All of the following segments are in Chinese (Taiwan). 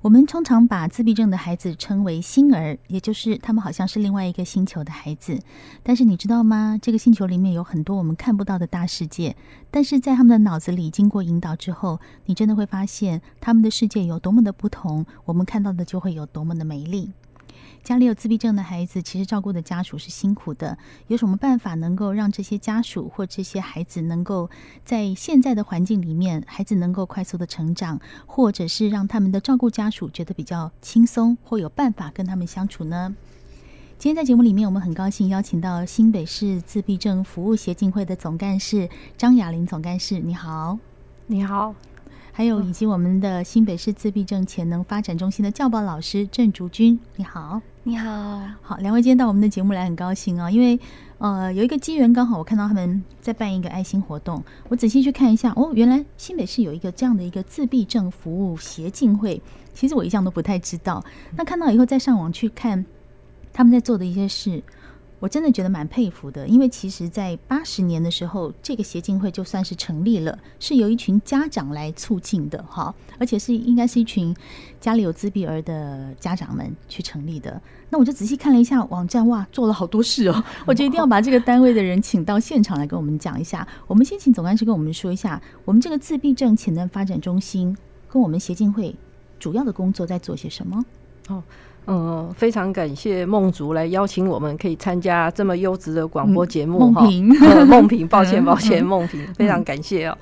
我們通常把自閉症的孩子稱為星兒，也就是他們好像是另外一個星球的孩子。但是你知道嗎？這個星球裡面有很多我們看不到的大世界。但是在他們的腦子裡經過引導之後，你真的會發現他們的世界有多麼的不同，我們看到的就會有多麼的美麗。家裡有自閉症的孩子，其實照顧的家屬是辛苦的。有什麼辦法能夠讓這些家屬或這些孩子能夠在現在的環境裡面，孩子能夠快速的成長，或者是讓他們的照顧家屬覺得比較輕鬆，或有辦法跟他們相處呢？今天在節目裡面，我們很高興邀請到新北市自閉症服務協進會的總幹事張雅玲總幹事，你好，你好。還有以及我們的新北市自閉症潛能發展中心的教保老師鄭竹君，你好，你好，好，兩位今天到我們的節目來，很高興啊、哦，因為呃有一個機緣，剛好我看到他們在辦一個愛心活動，我仔細去看一下，哦，原來新北市有一個這樣的一個自閉症服務協進會，其實我一向都不太知道，那看到以後再上網去看他們在做的一些事。我真的覺得蠻佩服的，因為其實，在八十年的時候，這個協進會就算是成立了，是由一群家長來促進的，哈，而且是應該是一群家裡有自閉兒的家長們去成立的。那我就仔細看了一下網站，哇，做了好多事哦！我就一定要把這個單位的人請到現場來跟我們講一下。哦。我們先請總幹事跟我們說一下，我們這個自閉症潛能發展中心跟我們協進會主要的工作在做些什麼？哦。嗯、呃，非常感謝夢竹來邀請我們，可以參加這麼優質的廣播節目哈。夢、嗯、平，夢平，抱歉，抱歉，夢萍、嗯，非常感謝哦，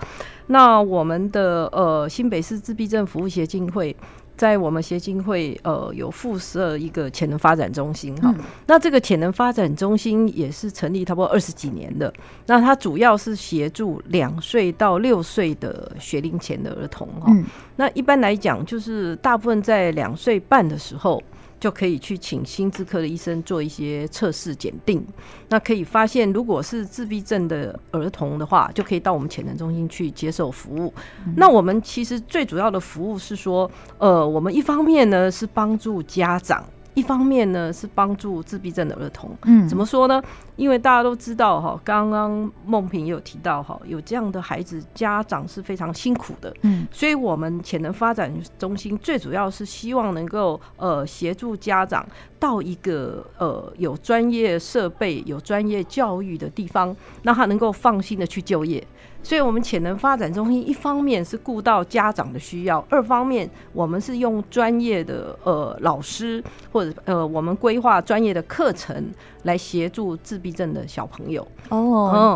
那我們的呃新北市自閉症服務協進會在我們協進會呃有附設一個潛能發展中心哈。好嗯、那這個潛能發展中心也是成立差不多二十幾年的。那它主要是協助兩歲到六歲的學齡前的兒童哈。好嗯、那一般來講，就是大部分在兩歲半的時候。就可以去請心智科的醫生做一些測試檢定，那可以發現，如果是自閉症的兒童的話，就可以到我們潛能中心去接受服務。嗯。那我們其實最主要的服務是說，呃，我們一方面呢是幫助家長，一方面呢是幫助自閉症的兒童。嗯，怎麼說呢？因為大家都知道哈，剛剛孟平也有提到哈，有這樣的孩子，家長是非常辛苦的。嗯，所以我們潛能發展中心最主要是希望能夠呃協助家長到一個呃有專業設備、有專業教育的地方，讓他能夠放心的去就業。所以我們潛能發展中心一方面是顧到家長的需要，二方面我們是用專業的呃老師或者呃我們規劃專業的課程。來協助自閉症的小朋友哦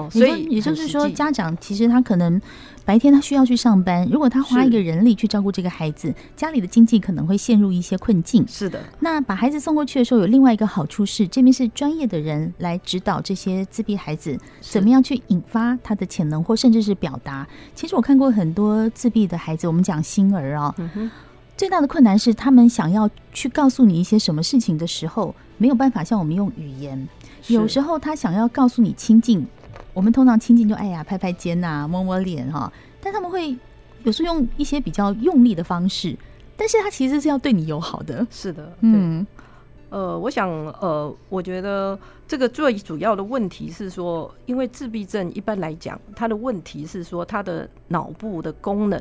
，oh, 嗯、所以說也就是說，家長其實他可能白天他需要去上班，如果他花一個人力去照顧這個孩子，是家裡的經濟可能會陷入一些困境。是的，那把孩子送過去的時候，有另外一個好處是，這邊是專業的人來指導這些自閉孩子是怎麼樣去引發他的潛能，或甚至是表達。其實我看過很多自閉的孩子，我們講星兒啊、哦，嗯、哼最大的困難是他們想要去告訴你一些什麼事情的時候，沒有辦法像我們用語言，有時候他想要告訴你親近，是我們通常親近就哎呀拍拍肩吶、啊，摸摸臉哈、哦，但他們會有時候用一些比較用力的方式，但是他其實是要對你友好的。是的，嗯，呃，我想，呃，我覺得這個最主要的問題是說，因為自閉症一般來講，它的問題是說它的腦部的功能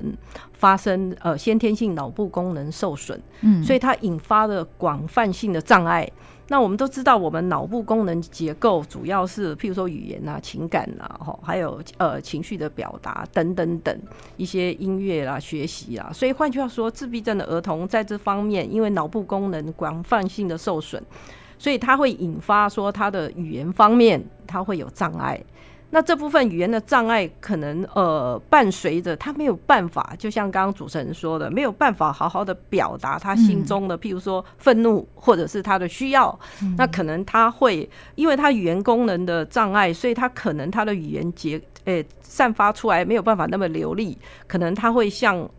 發生呃先天性腦部功能受損，嗯，所以它引發了廣泛性的障礙。那我們都知道，我們腦部功能結構主要是，譬如說語言啊、情感啊，吼，還有呃情緒的表達等等等一些音樂啦、啊、學習啊。所以換句話說，自閉症的兒童在這方面，因為腦部功能廣泛性的受損，所以它會引發說他的語言方面他會有障礙。那這部分語言的障礙，可能呃伴隨着他沒有辦法，就像剛剛主持人說的，沒有辦法好好的表達他心中的，嗯、譬如說憤怒或者是他的需要。嗯、那可能他會，因為他語言功能的障礙，所以他可能他的語言結，誒、欸，散發出來沒有辦法那麼流利，可能他會像。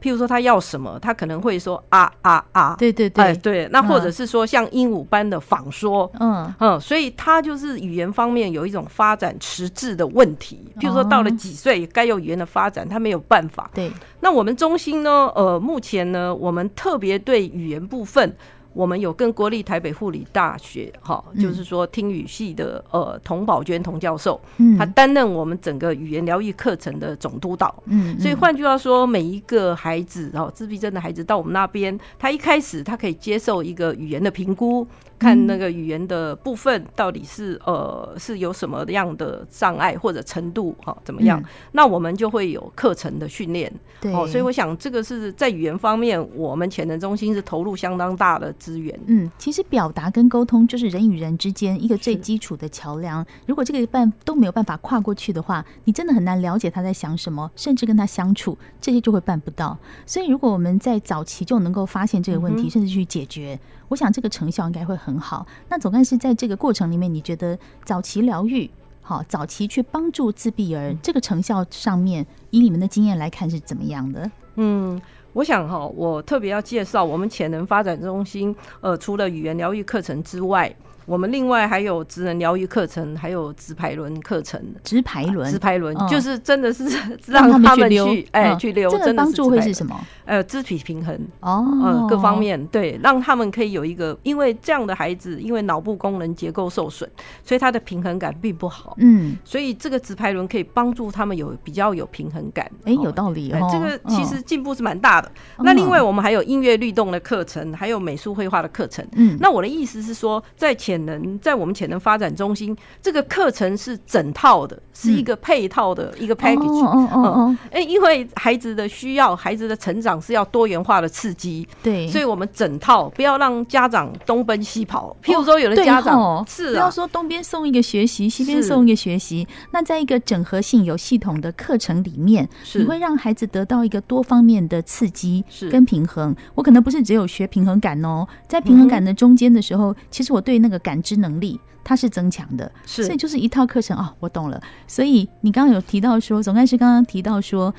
譬如說他要什麼，他可能會說啊啊啊，對對對、哎，對，那或者是說像鸚鵡般的仿說，嗯嗯，所以他就是語言方面有一種發展遲滯的問題。譬如說到了幾歲嗯、該有語言的發展，他沒有辦法。對，那我們中心呢，呃，目前呢，我們特別對語言部分。我們有跟國立臺北護理大學，哈、哦、嗯、就是說聽語系的呃，童寶娟童教授，他擔任我們整個語言療育課程的總督導，嗯，所以換句話說，每一個孩子哦，自閉症的孩子到我們那邊，他一開始他可以接受一個語言的評估。看那個語言的部分到底是、嗯、呃是有什麼樣的障礙或者程度哈、哦、怎麼樣？嗯、那我們就會有課程的訓練。對、哦，所以我想這個是在語言方面，我們潛能中心是投入相當大的資源。嗯，其實表達跟溝通就是人與人之間一個最基礎的橋樑。是如果這個辦都沒有辦法跨過去的話，你真的很難了解他在想什麼，甚至跟他相處，這些就會辦不到。所以如果我們在早期就能夠發現這個問題，嗯、哼甚至去解決。我想這個成效應該會很好。那總幹事在這個過程裡面，你覺得早期療育，好早期去幫助自閉兒，這個成效上面，以你們的經驗來看是怎麼樣的？嗯，我想哈，我特別要介紹我們潛能發展中心，呃，除了語言療育課程之外。我們另外還有職能療癒課程，還有直排輪課程，直排輪，直排輪就是真的是讓他們去哎去溜，真的幫助會是什麼？呃，肢體平衡哦，呃，各方面對，讓他們可以有一個，因為這樣的孩子，因為腦部功能結構受損，所以他的平衡感並不好，嗯，所以這個直排輪可以幫助他們有比較有平衡感，哎，有道理哦，這個其實進步是蠻大的。那另外我們還有音樂律動的課程，還有美術繪畫的課程，嗯，那我的意思是說，在前。能，在我們潛能發展中心，這個課程是整套的，是一個配套的、嗯、一個 package、哦。哦哦哦哎、嗯，因為孩子的需要，孩子的成長是要多元化的刺激。對。所以我們整套，不要讓家長東奔西跑。譬如說，有的家長、哦哦、是不、啊、要說東邊送一個學習，西邊送一個學習。是那在一個整合性有系統的課程裡面，是你會讓孩子得到一個多方面的刺激，是跟平衡。我可能不是只有學平衡感哦，在平衡感的中間的時候，嗯、其實我對那個。感知能力它是增強的，是。所以就是一套課程啊、哦，我懂了。所以你剛剛有提到說，總幹事剛剛提到說，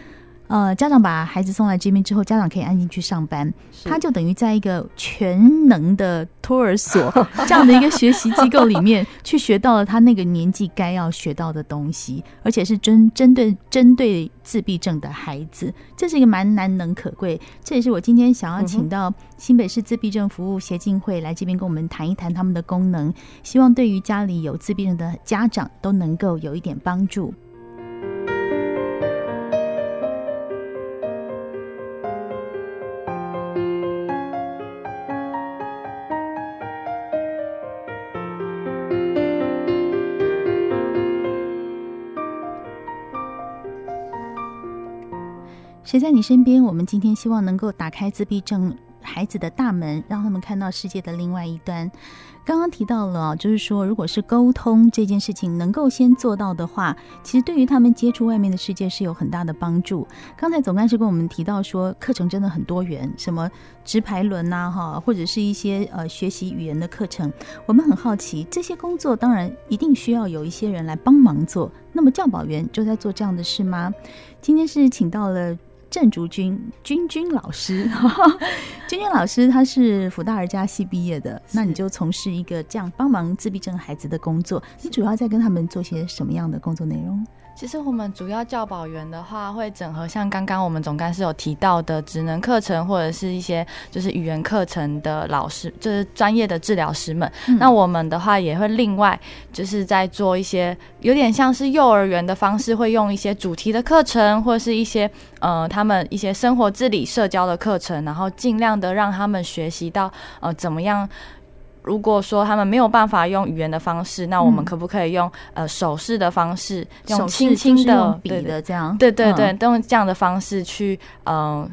呃，家長把孩子送來這邊之後，家長可以安心去上班。是他就等於在一個全能的托兒所 這樣的一個學習機構裡面， 去學到了他那個年紀該要學到的東西，而且是針針對針對自閉症的孩子，這是一個蠻難能可貴。這也是我今天想要請到新北市自閉症服務協進會來這邊跟我們談一談他們的功能，希望對於家裡有自閉症的家長都能夠有一點幫助。誰在你身邊？我們今天希望能夠打開自閉症孩子的大門，讓他們看到世界的另外一端。剛剛提到了，就是說，如果是溝通這件事情能夠先做到的話，其實對於他們接觸外面的世界是有很大的幫助。剛才總幹事跟我們提到說，課程真的很多元，什麼直排輪吶，哈，或者是一些呃學習語言的課程。我們很好奇，這些工作當然一定需要有一些人來幫忙做。那麼教保員就在做這樣的事嗎？今天是請到了。鄭竹君，君君老師， 君君老師，他是輔大兒家系畢業的，是那你就從事一個這樣幫忙自閉症孩子的工作，你主要在跟他們做些什麼樣的工作內容？其實我們主要教保員的話，會整合像剛剛我們總幹事有提到的職能課程，或者是一些就是語言課程的老師，就是專業的治療師們。嗯、那我們的話也會另外就是在做一些有點像是幼兒園的方式，會用一些主題的課程，或者是一些呃他們一些生活自理、社交的課程，然後盡量的讓他們學習到呃怎麼樣。如果說他們沒有辦法用語言的方式，那我們可不可以用呃手勢的方式，用輕輕的比的這樣，對對對，嗯、用這樣的方式去、呃、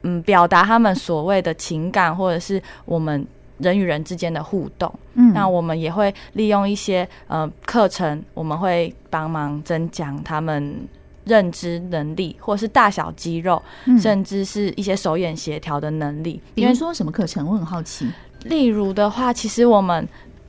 嗯嗯表達他們所謂的情感， 或者是我們人與人之間的互動。嗯，那我們也會利用一些呃課程，我們會幫忙增強他們認知能力，或是大小肌肉，嗯、甚至是一些手眼協調的能力。比如說什麼課程？為我很好奇。例如的話，其實我們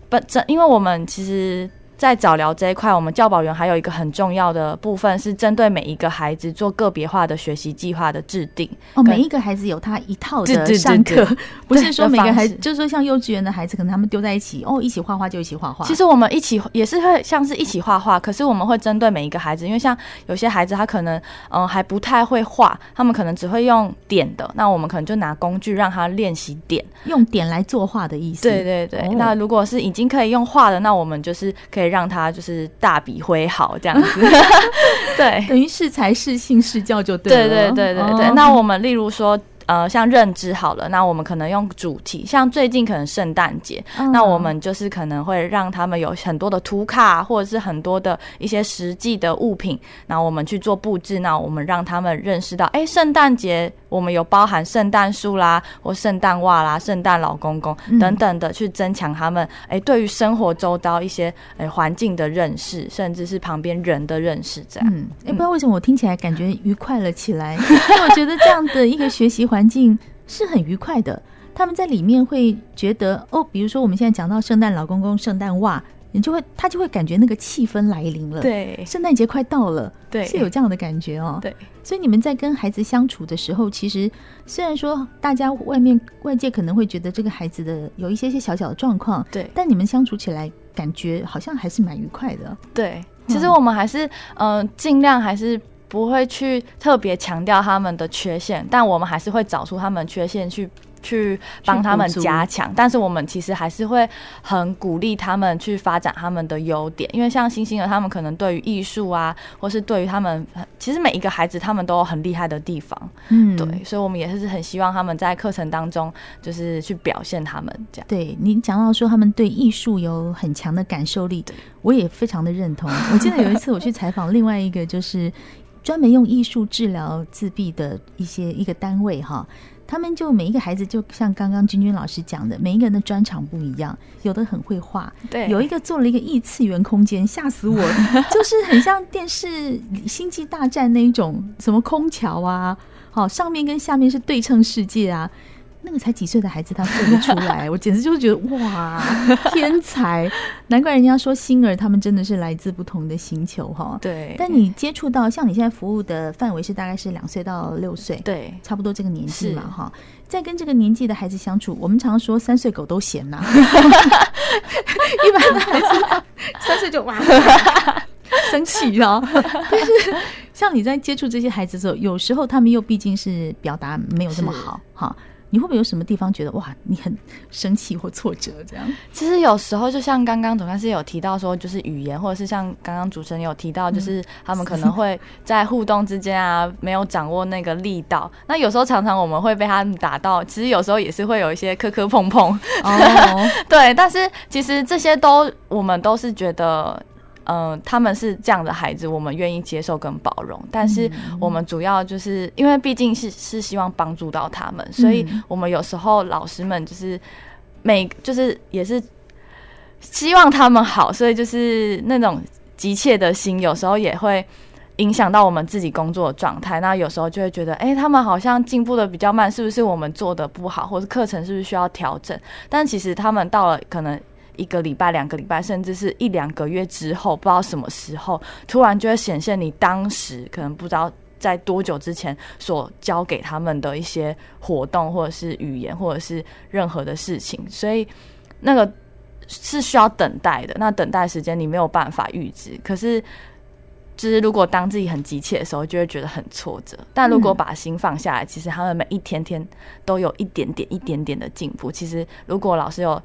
本身，因為我們其實。在早療這一塊，我們教保員還有一個很重要的部分，是針對每一個孩子做個別化的學習計劃的制定。哦，跟每一個孩子有他一套的上課，對對對，不是說每個孩子，就是說像幼稚園的孩子，可能他們丟在一起哦，一起畫畫就一起畫畫。其實我們一起也是會像是一起畫畫，可是我們會針對每一個孩子，因為像有些孩子他可能嗯、呃、還不太會畫，他們可能只會用點的，那我們可能就拿工具讓他練習點，用點來作畫的意思。對對對，哦、那如果是已經可以用畫的，那我們就是可以。讓他就是大筆揮好這樣子，對，等於是才是性是教就對了。對對對對對,對。 那我們例如說，呃，像認知好了，那我們可能用主題，像最近可能聖誕節，嗯、那我們就是可能會讓他們有很多的圖卡，或者是很多的一些實際的物品，那我們去做布置，那我們讓他們認識到，哎、欸，聖誕節。我們有包含聖誕樹啦，或聖誕襪啦、聖誕老公公、嗯、等等的，去增強他們哎、欸、對於生活周遭一些哎、欸、環境的認識，甚至是旁邊人的認識。這樣，哎、嗯欸，不知道為什麼我聽起來感覺愉快了起來？ 我覺得這樣的一個學習環境是很愉快的。他們在裡面會覺得哦，比如說我們現在講到聖誕老公公、聖誕襪，你就會他就會感覺那個氣氛來臨了。對，聖誕節快到了，對，是有這樣的感覺哦。對。所以你們在跟孩子相處的時候，其實雖然說大家外面外界可能會覺得這個孩子的有一些些小小的狀況，對，但你們相處起來感覺好像還是蠻愉快的。對，其實我們還是嗯、呃，盡量還是不會去特別強調他們的缺陷，但我們還是會找出他們缺陷去。去幫他們加強，但是我們其實還是會很鼓勵他們去發展他們的優點，因為像星星兒他們可能對於藝術啊，或是對於他們，其實每一個孩子他們都有很厲害的地方，嗯，對，所以我們也是很希望他們在課程當中就是去表現他們這樣。對，你講到說他們對藝術有很強的感受力，對我也非常的認同。 我記得有一次我去採訪另外一個就是專門用藝術治療自閉的一些一個單位哈。他們就每一個孩子，就像剛剛君君老師講的，每一個人的專長不一樣，有的很會畫，對，有一個做了一個異次元空間，嚇死我了， 就是很像電視《星際大戰》那一種，什麼空橋啊，好，上面跟下面是對稱世界啊。那個才幾歲的孩子，他做得出來， 我簡直就是覺得哇，天才！難怪人家說星兒他們真的是來自不同的星球哈。對。但你接觸到像你現在服務的範圍是大概是兩歲到六歲，對，差不多這個年紀嘛哈。是在跟這個年紀的孩子相處，我們常，常說三歲狗都嫌吶、啊， 一般的孩子 三歲就哇，生氣了。但是像你在接觸這些孩子的時候，有時候他們又畢竟是表達沒有這麼好哈。是哦你會不會有什麼地方覺得哇，你很生氣或挫折這樣？其實有時候就像剛剛總幹事有提到說，就是語言，或者是像剛剛主持人有提到，就是他們可能會在互動之間啊， 沒有掌握那個力道。那有時候常常我們會被他們打到，其實有時候也是會有一些磕磕碰碰。Oh. 對，但是其實這些都我們都是覺得。嗯，他們是這樣的孩子，我們願意接受跟包容，但是我們主要就是因為畢竟是是希望幫助到他們，所以我們有時候老師們就是每就是也是希望他們好，所以就是那種急切的心，有時候也會影響到我們自己工作的狀態。那有時候就會覺得，哎、欸，他們好像進步的比較慢，是不是我們做的不好，或者課程是不是需要調整？但其實他們到了可能。一個禮拜、兩個禮拜，甚至是一兩個月之後，不知道什麼時候，突然就會顯現你當時可能不知道在多久之前所教給他們的一些活動，或者是語言，或者是任何的事情。所以那個是需要等待的。那等待時間你沒有辦法預知，可是就是如果當自己很急切的時候，就會覺得很挫折。但如果把心放下來，其實他們每一天天都有一點點、一點點的進步。其實如果老師有，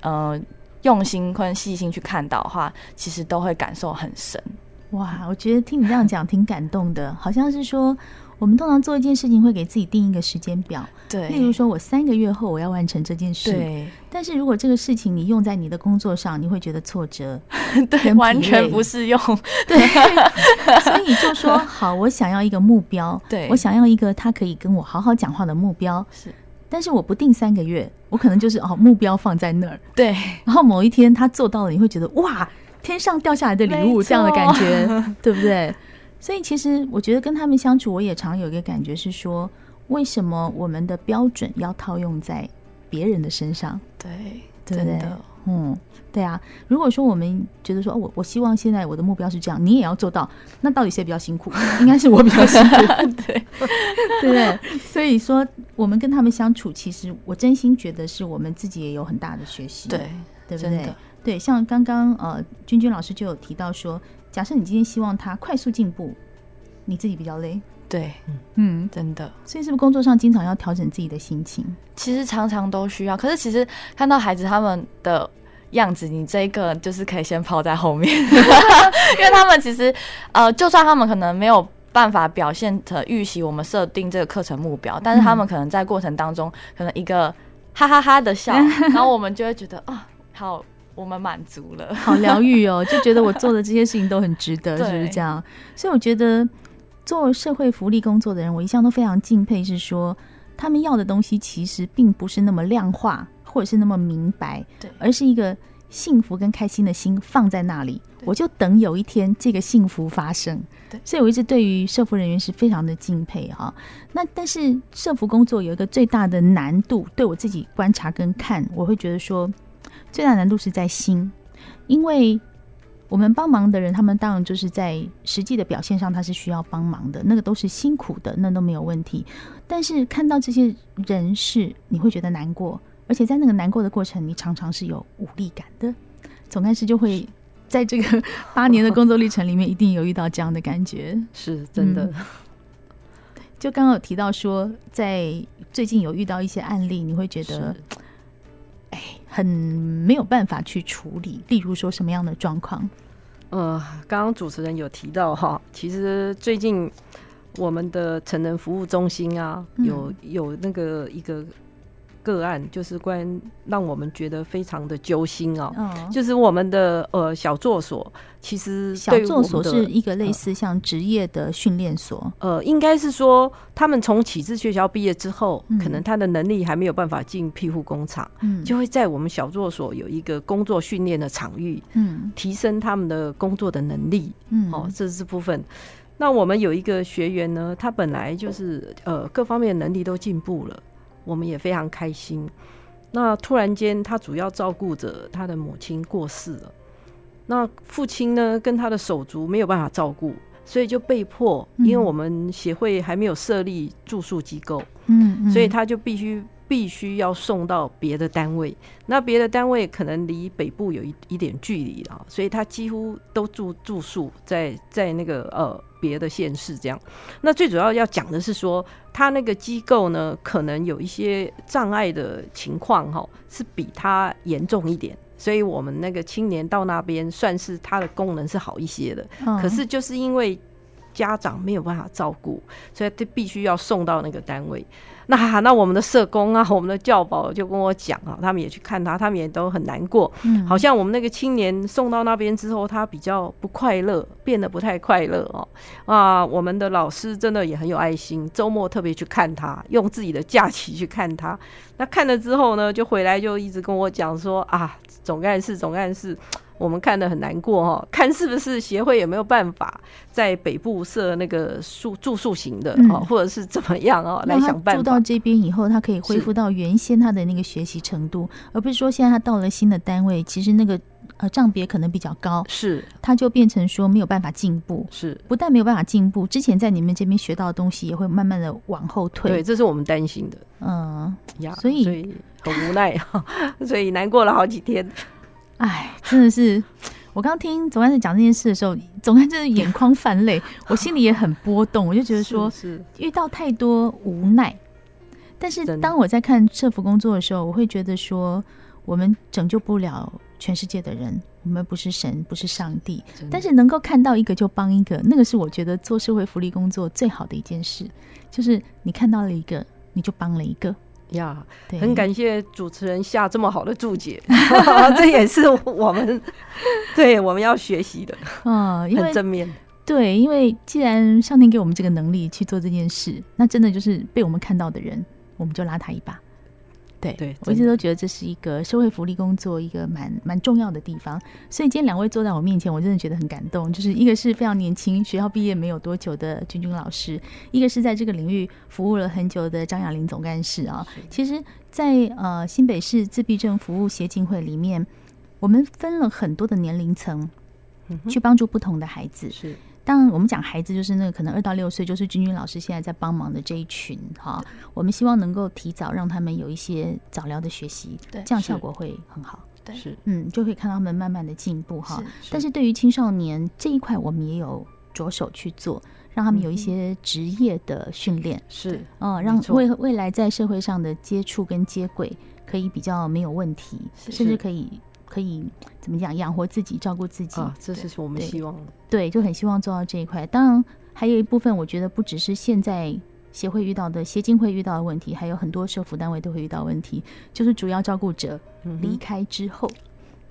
嗯。用心或細心去看到的話，其實都會感受很深。哇，我覺得聽你這樣講挺感動的，好像是說我們通常做一件事情會給自己定一個時間表，對。例如說，我三個月後我要完成這件事，對。但是如果這個事情你用在你的工作上，你會覺得挫折，對，完全不適用，對。 所以就說好，我想要一個目標，對，我想要一個他可以跟我好好講話的目標，是。但是我不定三個月，我可能就是哦，目標放在那兒，對。然後某一天他做到了，你會覺得哇，天上掉下來的禮物沒錯。這樣的感覺，對不對？所以其實我覺得跟他們相處，我也常有一個感覺是說，為什麼我們的標準要套用在別人的身上？對，對對真的，嗯，對啊。如果說我們覺得說，我、哦、我希望現在我的目標是這樣，你也要做到，那到底誰比較辛苦？應該是我比較辛苦， 對， 對。 對所以說，我們跟他們相處，其實我真心覺得是我們自己也有很大的學習，對，對不對？真的。對，像剛剛呃，君君老師就有提到說，假設你今天希望他快速進步，你自己比較累，對，嗯，真的。所以是不是工作上經常要調整自己的心情？其實常常都需要。可是其實看到孩子他們的樣子，你這一個就是可以先拋在後面， 因為他們其實呃，就算他們可能沒有。辦法表現的預習，我們設定這個課程目標，但是他們可能在過程當中，可能一個哈哈哈，哈的笑， 然後我們就會覺得啊、哦，好，我們滿足了，好療癒哦，就覺得我做的這些事情都很值得， 是不是這樣？對所以我覺得做社會福利工作的人，我一向都非常敬佩，是說他們要的東西其實並不是那麼量化，或者是那麼明白，對，而是一個幸福跟開心的心放在那裡，對我就等有一天這個幸福發生。所以我一直對於社福人員是非常的敬佩哈、哦。那但是社福工作有一個最大的難度，對我自己觀察跟看，我會覺得說，最大難度是在心，因為我們幫忙的人，他們當然就是在實際的表現上，他是需要幫忙的，那個都是辛苦的，那個、都沒有問題。但是看到這些人士，你會覺得難過，而且在那個難過的過程，你常常是有無力感的。總幹事就會。在這個八年的工作歷程裡面，一定有遇到這樣的感覺，是真的。嗯，就剛剛有提到說，在最近有遇到一些案例，你會覺得，是很沒有辦法去處理。例如說什麼樣的狀況？呃，剛剛主持人有提到哈，其實最近我們的成人服務中心啊，有有那個一個。個案就是關讓我們覺得非常的揪心哦，就是我們的呃小作所，其實小作所是一個類似像職業的訓練所，呃，應該是說他們從啟智學校畢業之後，可能他的能力還沒有辦法進庇護工廠，嗯，就會在我們小作所有一個工作訓練的場域，嗯，提升他們的工作的能力，嗯，哦，這是部分。那我們有一個學員呢，他本來就是呃各方面的能力都進步了。我們也非常開心。那突然間，他主要照顧着他的母親過世了。那父親呢，跟他的手足沒有辦法照顧，所以就被迫，因為我們協會還沒有設立住宿機構，嗯，所以他就必須必須要送到別的單位。那別的單位可能離北部有一一點距離了啊，所以他幾乎都住住宿在在那個呃。別的縣市這樣，那最主要要講的是說，他那個機構呢，可能有一些障礙的情況齁，是比他嚴重一點，所以我們那個青年到那邊，算是他的功能是好一些的，嗯、可是就是因為。家長沒有辦法照顧，所以他必須要送到那個單位。那、啊、那我們的社工啊，我們的教保就跟我講啊，他們也去看他，他們也都很難過。嗯、好像我們那個青年送到那邊之後，他比較不快樂，變得不太快樂哦。啊，我們的老師真的也很有愛心，週末特別去看他，用自己的假期去看他。那看了之後呢，就回來就一直跟我講說啊，總幹事、總幹事。我們看得很難過，看是不是協會有沒有辦法在北部設那個宿住宿型的哦，嗯、或者是怎麼樣哦，來想辦法、嗯、他住到這邊以後，他可以恢復到原先他的那個學習程度，是而不是說現在他到了新的單位，其實那個呃障別，可能比較高，是他就變成說沒有辦法進步，是不但沒有辦法進步，之前在你們這邊學到的東西也會慢慢的往後退，對，這是我們擔心的，嗯呀，所以很無奈，所以， 所以難過了好幾天。哎，真的是，我剛聽總幹事講這件事的時候，總幹事真的眼眶泛淚， 我心裡也很波動。我就覺得說，遇到太多無奈。但是當我在看社福工作的時候，我會覺得說，我們拯救不了全世界的人，我們不是神，不是上帝。真的。但是能夠看到一個就幫一個，那個是我覺得做社會福利工作最好的一件事，就是你看到了一個，你就幫了一個。呀 Yeah, 對很感謝主持人下這麼好的注解， 這也是我們，對，我們要學習的啊，哦，因為很正面。對，因為既然上天給我們這個能力去做這件事，那真的就是被我們看到的人，我們就拉他一把。對，對我一直都覺得這是一個社會福利工作，一個蠻蠻重要的地方。所以今天兩位坐在我面前，我真的覺得很感動。就是一個是非常年輕，學校畢業沒有多久的竹君老師；一個是在這個領域服務了很久的張雅玲總幹事啊。是其實在，在呃新北市自閉症服務協進會裡面，我們分了很多的年齡層，去幫助不同的孩子。嗯、是。當然，我們講孩子就是那個可能二到六歲，就是君君老師現在在幫忙的這一群哈。對我們希望能夠提早讓他們有一些早療的學習，對，這樣效果會很好。對，是，嗯，就可以看到他們慢慢的進步哈。對但是對於青少年是這一塊，我們也有着手去做，讓他們有一些職業的訓練，嗯嗯、是，嗯、哦，讓未未來在社會上的接觸跟接軌可以比較沒有問題，是甚至可以。可以怎麼講？養活自己，照顧自己啊，對這是我們希望的對。對，就很希望做到這一塊。當然，還有一部分，我覺得不只是現在協會遇到的協進會遇到的問題，還有很多社福單位都會遇到問題，就是主要照顧者離開之後，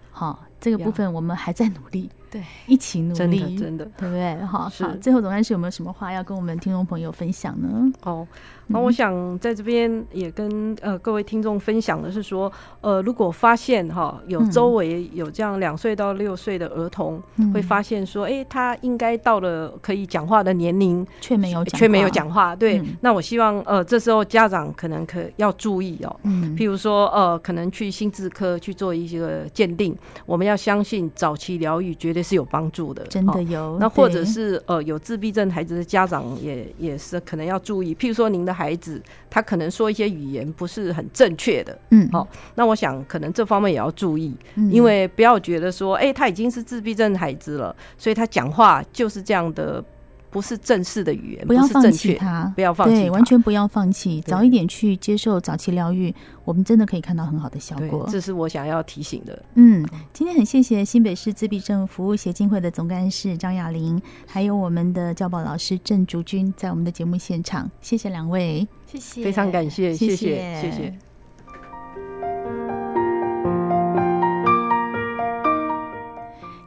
好、嗯哼，這個部分我們還在努力。對，一起努力，真的，對不對？好，是好最後總幹事有沒有什麼話要跟我們聽眾朋友分享呢？哦，那、啊嗯、我想在這邊也跟呃各位聽眾分享的是說，呃，如果發現哈、呃、有周圍有這樣兩歲到六歲的兒童，嗯、會發現說，哎，他應該到了可以講話的年齡，卻沒有卻沒有講話，對，嗯、那我希望呃這時候家長可能可要注意哦，嗯、譬如說呃可能去心智科去做一個鑑定，我們要相信早期療育絕對。是有幫助的，真的有、哦。那或者是對呃，有自閉症孩子的家長也也是可能要注意，譬如說您的孩子他可能說一些語言不是很正確的，嗯，好、哦，那我想可能這方面也要注意，因為不要覺得說，誒、欸，他已經是自閉症孩子了，所以他講話就是這樣的。嗯不是正式的語言，不要放棄它，不,他不要放棄，對，完全不要放棄，對早一點去接受早期療育，我們真的可以看到很好的效果。對這是我想要提醒的。嗯，今天很謝謝新北市自閉症服務協進會的總幹事張雅玲，還有我們的教保老師鄭竹君在我們的節目現場，謝謝兩位謝謝謝，謝謝，非常感謝謝謝謝謝。謝謝